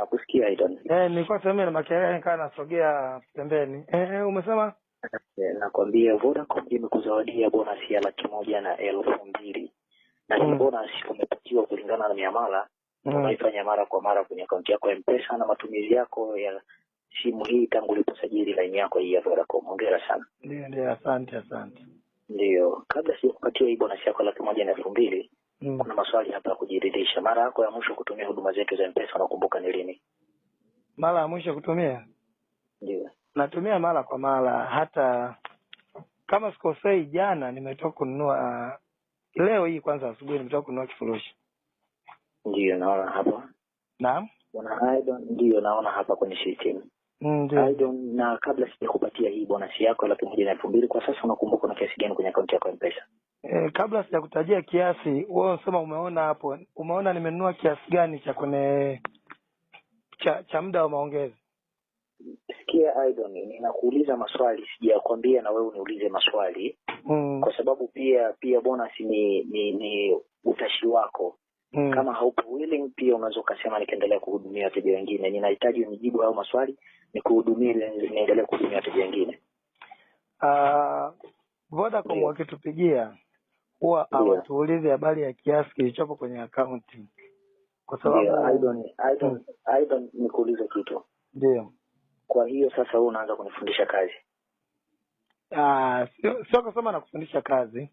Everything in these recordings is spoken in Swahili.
nakusikia Aidan. Eh, nilikuwa sehemu na makelele nikawa nasogea pembeni. Eh, eh umesema eh, nakwambia Vodacom imekuzawadia bonus ya laki moja na elfu mbili na hii mm. bonus umepatiwa kulingana na miamala mm. unaifanya mara kwa mara kwenye akaunti yako ya M-Pesa na matumizi yako ya simu hii tangu uliposajili laini yako hii ya Vodacom. Hongera sana. Ndio, ndio, asante, asante. Ndio, kabla sijakupatia hii bonus yako laki moja na elfu mbili mm. kuna maswali hapa ya kujiridhisha. Mara yako ya mwisho kutumia huduma zetu za Mpesa unakumbuka ni lini? Mara ya mwisho kutumia? Ndio, natumia mara kwa mara, hata kama sikosei, jana nimetoka kununua, uh, leo hii kwanza asubuhi nimetoka kununua kifurushi. Ndio naona hapa, naam bwana Aidon, ndio naona hapa kwenye system mm, Aidon, na kabla sijakupatia hii bonasi yako laki moja na elfu mbili kwa sasa, unakumbuka na kiasi gani kwenye akaunti yako ya Mpesa? E, kabla sijakutajia kiasi, wewe unasema umeona hapo, umeona nimenunua kiasi gani cha kwenye cha, cha muda wa maongezi? Sikia Aidon, ninakuuliza maswali, sijakwambia na wewe uniulize maswali mm. kwa sababu pia pia bonus ni ni, ni utashi wako mm. kama haupo willing, pia unaweza ukasema nikaendelea kuhudumia wateja wengine. Ninahitaji unijibu hayo maswali, nikuhudumie, niendelee kuhudumia wateja wengine. Uh, Vodacom wakitupigia huwa hawatuulizi habari ya kiasi kilichopo kwenye akaunti kwa sababu aidha nikuulize kitu ndio kwa hiyo sasa wewe unaanza kunifundisha kazi ah sio sio kusema na kufundisha kazi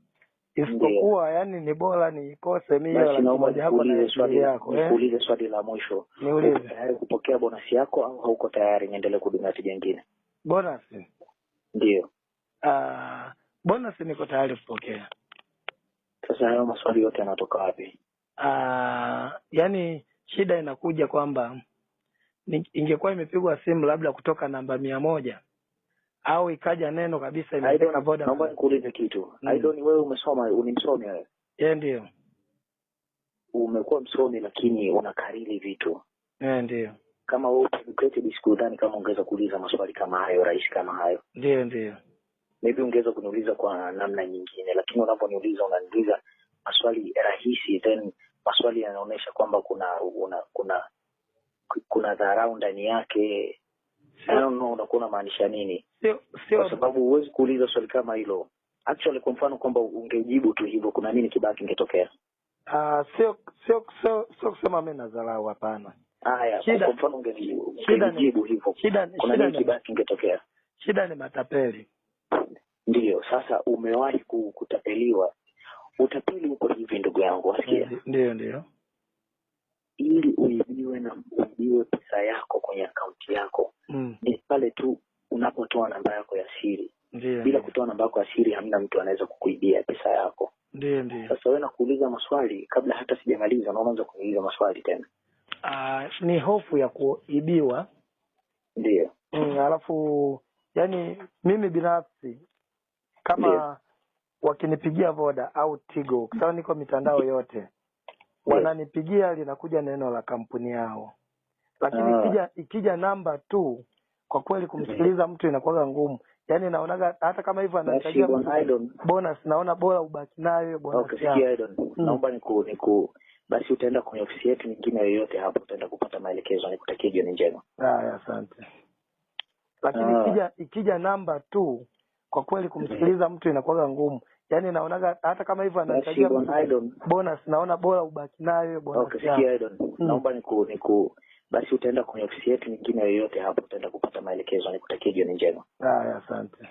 isipokuwa yani ni bora nikose swali yako eh? nikuulize swali la mwisho niulize tayari kupokea bonasi yako au hauko tayari niendelee kuhudumia wateja wengine bonasi ndio ah, bonasi niko tayari kupokea sasa hayo maswali yote yanatoka wapi? Ah, yani shida inakuja kwamba ingekuwa imepigwa simu labda kutoka namba mia moja au ikaja neno kabisa imefika Naomba nikuulize kitu. Mm. wewe umesoma, ni msomi wewe? Yeye ndio. Umekuwa msomi lakini unakariri vitu. Yeye ndio. Kama wewe upeducated, sikudhani kama ungeweza kuuliza maswali kama hayo rahisi kama hayo. Ndio, ndio maybe ungeweza kuniuliza kwa namna nyingine, lakini unaponiuliza unaniuliza maswali rahisi, then maswali yanaonyesha kwamba kuna una, kuna kuna dharau ndani yake. Unakuwa unamaanisha nini? Sio, sio, kwa sababu huwezi kuuliza swali kama hilo actually. Kwa mfano kwamba ungejibu tu hivyo, kuna nini kibaki kingetokea? Uh, sio sio sio kusema mimi nadharau, hapana. Haya, kwa mfano ungejibu hivyo, kuna nini kibaki kingetokea? Shida ni matapeli Ndiyo, sasa umewahi kutapeliwa? Utapeli uko hivi, ndugu yangu, wasikia? Ndiyo, ndiyo. Ili uibiwe na uibiwe pesa yako kwenye akaunti yako mm. ni pale tu unapotoa namba yako ya siri. Ndiyo, bila kutoa namba yako ya siri hamna mtu anaweza kukuibia pesa yako. Ndiyo, ndiyo. Sasa wewe nakuuliza maswali kabla hata sijamaliza, na unaanza kuniuliza maswali tena. Uh, ni hofu ya kuibiwa. Ndiyo. Mm, alafu yani mimi binafsi kama yeah. wakinipigia Voda au Tigo, kwa sababu niko mitandao yote yeah. wananipigia linakuja neno la kampuni yao, lakini ah. ikija, ikija namba tu, kwa kweli kumsikiliza mtu inakuwa ngumu yani naonaga hata kama hivyo anatajia bonus, naona bora ubaki nayo bonus. Okay, Idon, hmm. naomba niku niku basi utaenda kwenye ofisi yetu nyingine yoyote hapo, utaenda kupata maelekezo. Nikutakie jioni njema. Haya, asante. Lakini ah. ikija ikija namba tu, kwa kweli kumsikiliza mtu inakuwaga ngumu yani naonaga hata kama hivyo anaangalia bonus naona bora ubaki nayo bonus okay, mm. naomba niku niku basi utaenda kwenye ofisi yetu nyingine yoyote hapo utaenda kupata maelekezo nikutakie jioni njema haya asante